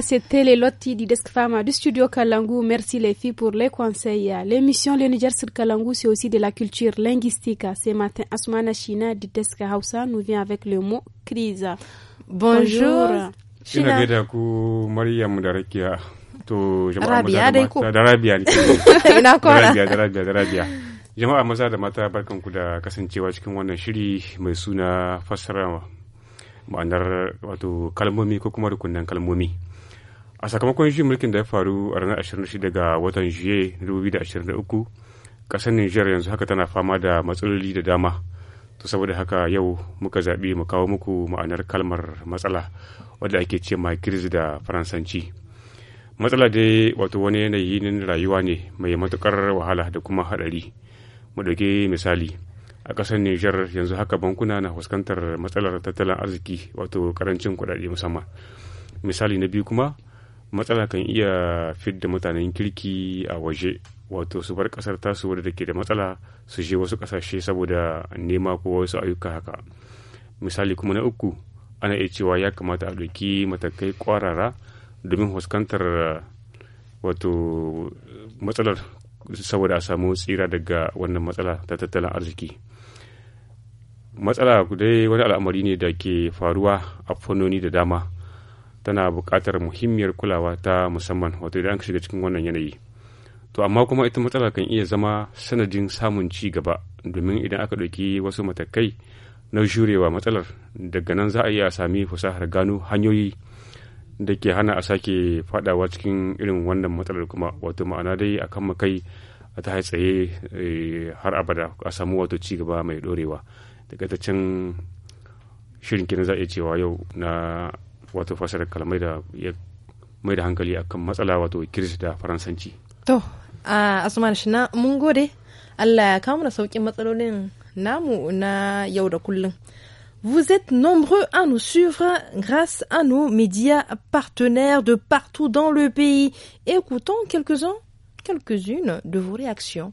c'était les lotis du Desk du studio Kalangu. Merci les filles pour les conseils. L'émission Le Niger sur Kalangu, c'est aussi de la culture linguistique. Ce matin, Asmana China du Desk Hausa nous vient avec le mot crise. Bonjour. a sakamakon shi mulkin da ya faru a ranar 26 ga watan juye 2023 kasar niger yanzu haka tana fama da matsaloli da dama to saboda haka yau muka zaɓi mu kawo muku ma'anar kalmar matsala wadda ake ce ma kirzi da faransanci matsala dai wato wani yanayi na rayuwa ne mai matukar wahala da kuma haɗari mu ɗauki misali a ƙasar niger yanzu haka bankuna na fuskantar matsalar tattalin arziki wato karancin kuɗaɗe musamman misali na biyu kuma matsala kan iya fidda mutanen kirki a waje wato su bar kasar tasu wadda ke da matsala su je wasu kasashe saboda nema ko wasu ayyuka haka misali kuma na uku ana iya cewa ya kamata a doki matakai kwarara domin fuskantar wato matsalar saboda a samu tsira daga wannan matsala ta tattalin arziki matsala dai wani al'amari ne da ke faruwa a fannoni da dama tana buƙatar muhimmiyar kulawa ta musamman wato idan ka shiga cikin wannan yanayi to amma kuma ita matsala kan iya zama sanadin samun ci gaba domin idan aka ɗauki wasu matakai na jurewa matsalar daga nan za a iya sami fasahar gano hanyoyi da ke hana a sake fadawa cikin irin wannan matsalar kuma wato ma'ana dai a kan makai a ta tsaye eh, har abada a samu wato ci gaba mai ɗorewa daga ta can shirin kina za a iya cewa yau na wato fasarar kalmai da ya mai da hankali akan matsala wato kiris da faransanci to a asuman shi mun gode allah ya kawo na saukin matsalolin namu na yau da kullum Vous êtes nombreux à nous suivre grâce à nos médias partenaires de partout dans le pays. Écoutons quelques-uns, quelques-unes de vos réactions.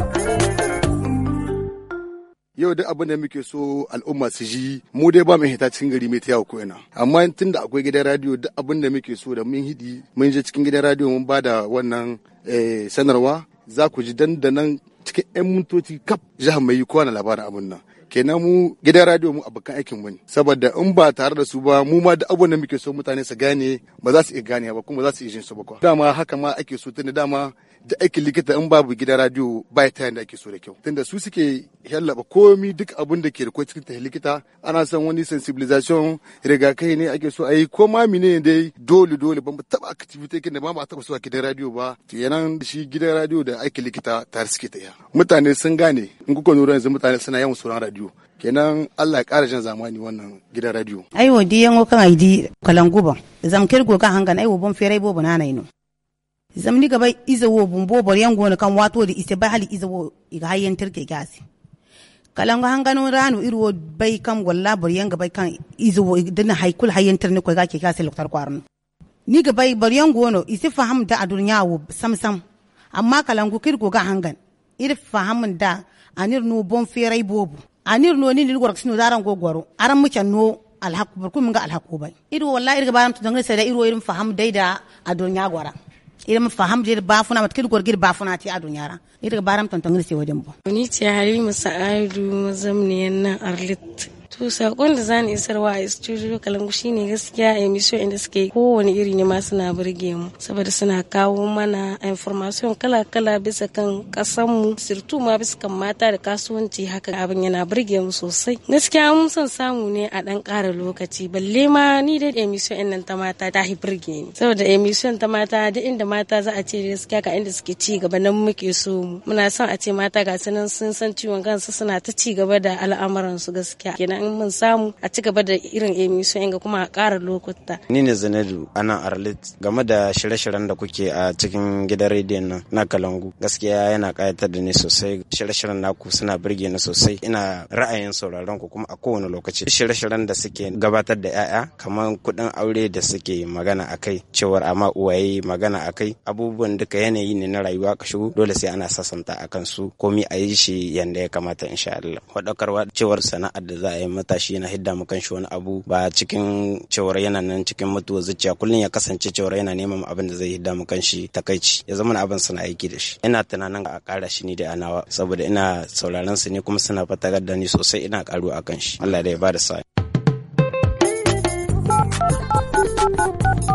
yau da abin da muke so al'umma su ji mu dai ba mu hita cikin gari mai tayawa ko ina amma tun da akwai gidan radio duk abin da muke so da mun hidi mun je cikin gidan radio mun ba da wannan eh, sanarwa za ku ji dandanan cikin 'yan mintoci kaf jihar mai yi kowane labarin abin nan kenan mu gidan radio mu abokan aikin mu ne saboda in ba tare da su ba mu ma da abin da muke so mutane su gane ba za su iya gane ba kuma za su iya jin su ba dama haka ma ake so tunda dama da aikin likita in babu gidan radio ba ta yanda ake so da kyau tunda su suke yallaba komi duk abin da ke da cikin likita ana son wani sensibilization rigakai ne ake so a yi ko ma ne dai dole dole ban taba activity kin da ba ba taba so a gidan radio ba yanan shi gidan radio da aiki likita tare suke ta mutane sun gane in kuka lura yanzu mutane suna yawan sauran radio kenan Allah ya ƙara jan zamani wannan gidan radio. Aiwo di yango kan aidi kalanguban zamkir go kan hangan aiwo bon fere bo banana ino. Zamni gaba izawo bumbo bor yango kan wato da isa ba hali izawo iga hayyan tirke gasi. kalango hangano ranu irwo bai kam walla bor yanga bai kan izo dana haikul hayentar ne ko gake ka se loktar kwarun ni ga bai bor yango wono isi faham da duniya wo sam sam amma kalango kirgo ga hangan ir faham da anir no bon ferai bobu anir no ni lilgor sino daran go goro aran mucan no alhaq bur ga alhaku bai ir walla ir ga baram to dangane sai da irwo irin faham dai da duniya gora ira faham jir bafuna matkil ba funa bafuna ti adun yara ira baram tonton ngir wajen bo ni ce halima sa'adu mazamniyan nan arlit to sakon da zan isarwa a studio kalangu shine gaskiya emission inda suke kowane iri ne ma suna burge mu saboda suna kawo mana information kala-kala bisa kan mu sirtu ma bisa kan mata da kasuwanci haka abin yana burge mu sosai gaskiya mun son samu ne a dan kara lokaci balle ma ni da emission ɗin nan ta mata ta hi burge ni saboda emission ta mata duk inda mata za a ce gaskiya ka inda suke ci gaba nan muke so mu muna son a ce mata ga sunan sun san ciwon kansu suna ta ci gaba da al'amuran su gaskiya kenan mun samu a ci gaba da irin emission inga kuma a ƙara lokuta. Ni ne Zanadu a nan Arlit game da shirye-shiryen da kuke a cikin gidan rediyon nan na Kalangu. Gaskiya yana ƙayatar da ni sosai shirye-shiryen naku suna birge ni sosai ina ra'ayin sauraron ku kuma a kowane lokaci. Shirye-shiryen da suke gabatar da 'ya'ya kamar kuɗin aure da suke magana a kai cewar amma uwaye magana a kai abubuwan duka yanayi ne na rayuwa ka shigo dole sai ana sasanta a kansu komi a yi shi yanda ya kamata insha Allah. Faɗakarwa cewar sana'ar da za a yi matashi yana hidda mu kanshi wani abu ba cikin cewar yana nan cikin mutuwa zuciya kullum ya kasance cewar yana neman abin da zai hidda mu kanshi takaici ya zama abin suna aiki da shi ina tunanin a kara shi ni da anawa saboda ina sauraron su ne kuma suna fatagar da ni sosai ina karu a shi Allah da ya bada sa'a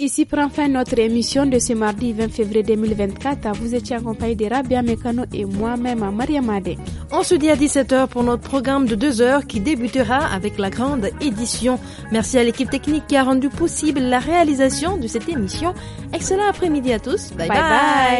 Ici prend fin notre émission de ce mardi 20 février 2024. Vous étiez accompagné de Rabia Mekano et moi-même, à Maria Made. On se dit à 17h pour notre programme de 2 heures qui débutera avec la grande édition. Merci à l'équipe technique qui a rendu possible la réalisation de cette émission. Excellent après-midi à tous. bye. bye.